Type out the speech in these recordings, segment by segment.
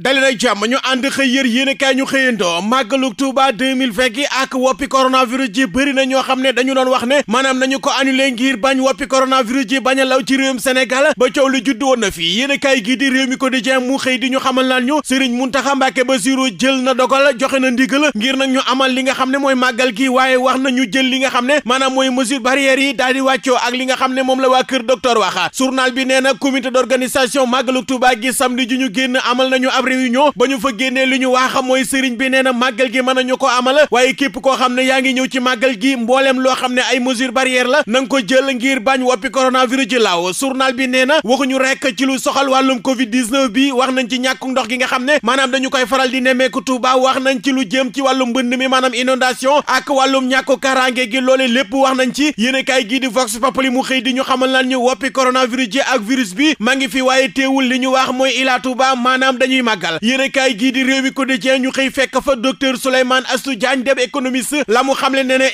dali na jàmm ñu ànd xëy yër yéenekaay ñu xëyandoo màggalu Tuuba 2020 gi ak woppi coronavirus ji bëri na ñoo xam ne dañu doon wax ne maanaam nañu ko annulé ngir bañ woppi coronavirus ji bañ a law ci réewum Sénégal ba coow lu juddu woon na fi yéenekaay gii di réew mi ko quotidien mu xëy di ñu xamal naan ñu Serigne Mountakha Mbacké Bassirou jël na dogal joxe na ndigal ngir nag ñu amal li nga xam ne mooy màggal gi waaye wax na ñu jël li nga xam ne maanaam mooy mesure barrière yi daal di wàccoo ak li nga xam ne moom la waa kër docteur waxa journal bi nee na comité d'organisation màggalu Tuuba gi samedi ñu génn amal nañu ab réunion ba ñu fa génnee li ñu waaxa mooy sëriñ bi nee na màggal gi mën nañu ko amal waaye képp koo xam ne yaa ngi ñëw ci màggal gi mbooleem loo xam ne ay mesure barrière la na nga ko jël ngir bañ woppi coronavirus ci laaw journal bi nee na waxuñu rek ci lu soxal wàllum covid bi wax nañ ci ñàkku ndox gi nga xam ne maanaam dañu koy faral di nemmeeku Touba wax nañ ci lu jëm ci wàllum mbënd mi maanaam inondation ak wàllum ñàkku karange gi loole lépp wax nañ ci yéenekaay gii di Vox Populi mu xëy di ñu xamal lan ñu woppi coronavirus ji ak virus bi ma ngi fi waaye teewul li ñu wax mooy ilaa Touba maanaam dañuy màggal yéenekaay gii di Rewmi Quotidien ñu xëy fekk fa docteur Souleymane Astou Diagne dem économiste la xamle ne ne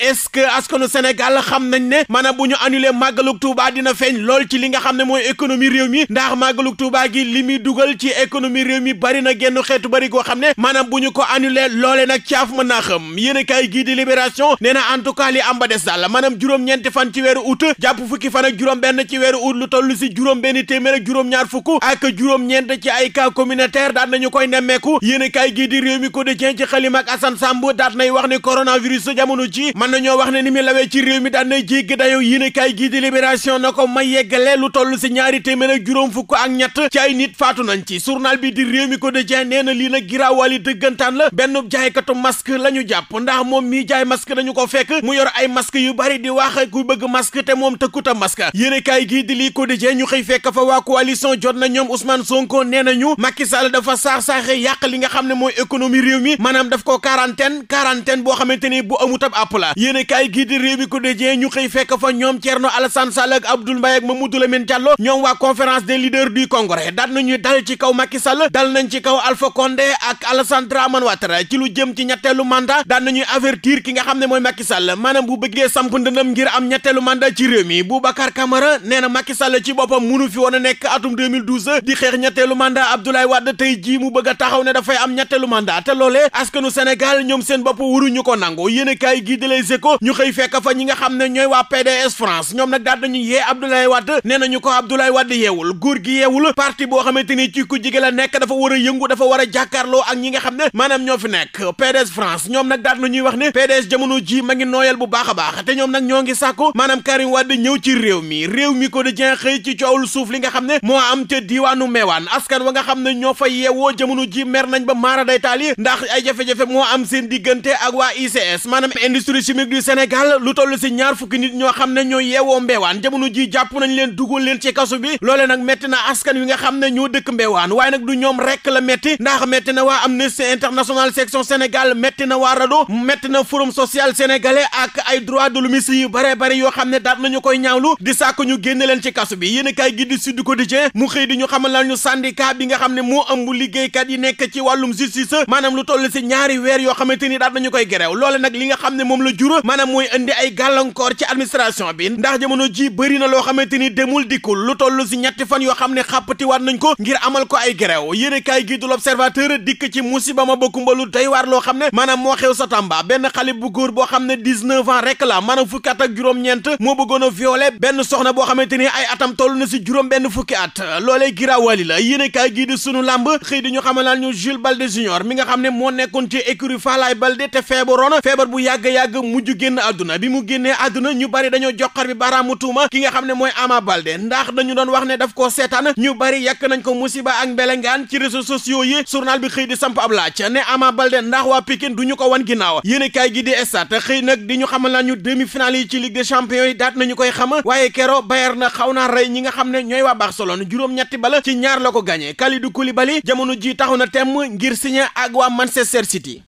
askanu Sénégal xam nañ ne maanaam bu ñu annulé màggalug Tuuba dina feeñ lool ci li nga xam ne mooy économie réew mi ndax màggalug Tuuba gi li dugal ci économie réew mi bari na genn xeetu bari xam ne maanaam bu ñu ko annulé loole nag caaf mën naa xam yéenekaay gii di Libération nee na en ba des daal maanaam juróom-ñeenti fan ci weeru août jàpp fukki fan ak juróom-benn ci weeru août lu daat nañu koy nemmeeku yéen a kaay gii di réew mi quotidien ci xalima ak Assane Samb daat nay wax ni coronavirus su jamono ji mën nañoo wax ne ni mi lawee ci réew mi daat nay jéggi dayo yéen a kaay gii di libération na ko ma yeggale lu toll si ñaari téeméer juróom fukk ak ñett ci ay nit faatu nañ ci journal bi di réew mi quotidien lii na lii nag giraawaali dëggantaan la benn jaaykatu masque la ñu jàpp ndax moom mii jaay masque dañu ko fekk mu yor ay masque yu bari di wax ku bëgg masque te moom tëkkuta masque yéen kaay gii di lii quotidien ñu xëy fekk fa waa coalition jot na ñoom Ousmane Sonko nee nañu Macky saax-saaxe yàq li nga xam ne mooy économie réew mi maanaam daf ko quarantaine quarantaine boo xamante ni bu amut ab àpp la ñu xëy fekk ñoom Thierno Alassane Sall ak Abdoul Mbaye ak Mamadou Lamine Diallo ñoom waa conférence ci kaw Macky Sall dal nañ ci kaw Alpha Condé ci lu jëm ci ñetteelu mandat daan nañuy ki nga xam ne mooy Macky Sall maanaam bu bëggee samp ndëndam ngir am ñetteelu mandat ci réew mi Boubacar Camara nee na Macky Sall ci woon nekk atum 2012 di xeex ñetteelu mandat Abdoulaye ji jii mu bëgg a taxaw ne dafay am ñetteelu mandat te loolee askanu Sénégal ñoom seen bopp waruñu ko nangu yéen kaay gii di Les Échos ñu xëy fekk fa ñi nga xam ne ñooy waa PDS France ñoom nag daal nañu yee Abdoulaye Wade nee nañu ko Abdoulaye Wade yeewul góor gi yeewul parti boo xamante ni ci ku jige la nekk dafa war a yëngu dafa war a jàkkaarloo ak ñi nga xam ne maanaam ñoo fi nekk PDS France ñoom nag daal nañuy wax ne PDS jamono ji ma ngi nooyal bu baax a baax te ñoom nag ñoo ngi sàkku maanaam Karim Wade ñëw ci réew mi réew mi ko di jeex xëy ci suuf li nga xam ne moo am ca diiwaanu meewaan askan wa nga xam ne ñoo fa yeewu woo jamono ji mer nañ ba maara day taal yi ndax ay jafe-jafe moo am seen diggante ak waa ICS maanaam industrie chimique du Sénégal lu toll si ñaar fukki nit ñoo xam ne ñoo yeewoo mbeewaan jamono ji jàpp nañ leen dugal leen ci kaso bi loole nag metti na askan wi nga xam ne ñoo dëkk mbeewaan waaye nag du ñoom rek la metti ndax metti na waa Amnesty International section Sénégal metti na waa rado metti na Forum social sénégalais ak ay droits de l'homme yu bare bare yoo xam ne daat nañu koy ñaawlu di sàkk ñu génne leen ci kaso bi yéen a kaay gi di Sud mu xëy di ñu xam ne liggéeykat yi nekk ci wàllum justice maanaam lu toll si ñaari weer yoo xamante ni daal nañu koy gerew loole nag li nga xam ne moom la jur maanaam mooy indi ay gàllankoor ci administration bi ndax jamono ji bëri na loo xamante ni demul dikkul lu toll si ñetti fan yoo xam ne xàppati waat nañ ko ngir amal ko ay gerew yéene kaay gi du l'observateur dikk ci musiba ma bokkumbalu day waar loo xam ne maanaam moo xew sa Tamba benn xale bu góor boo xam ne dix-neuf ans rek la maanaam fukki ak juróom-ñeent moo bëggoon a violer benn soxna boo xamante ni ay atam na si juróom benn fukki at loolee giraawaali la yéene kaay gi di sunu làmb xëy di ñu xamal naan ñu Jules Balde Junior mi nga xam ne moo nekkoon ci écurie Falaye Balde te feebaroon feebar bu yàgg-yàgg mujj génn adduna bi mu génnee àdduna ñu bari dañoo joxar bi baaraamu tuuma ki nga xam ne mooy Ama Balde ndax dañu doon wax ne daf koo seetaan ñu bari yàkk nañ ko musiba ak mbelengaan ci réseaux sociaux yi journal bi xëy di samp ab laaj ne Ama Balde ndax waa Pikine du ñu ko wan ginnaaw yéenekaay gi di Stades xëy nag di ñu xamal naan ñu demi-finale yi ci Ligue des champions daat nañu koy xam waaye kero na xaw naa rey ñi nga xam ne ñooy waa Barcelone juróom-ñetti bala ci ñaar la ko gagné Kalidou Koulibaly jamono jii taxaw na temm ngir signé ak waa Manchester City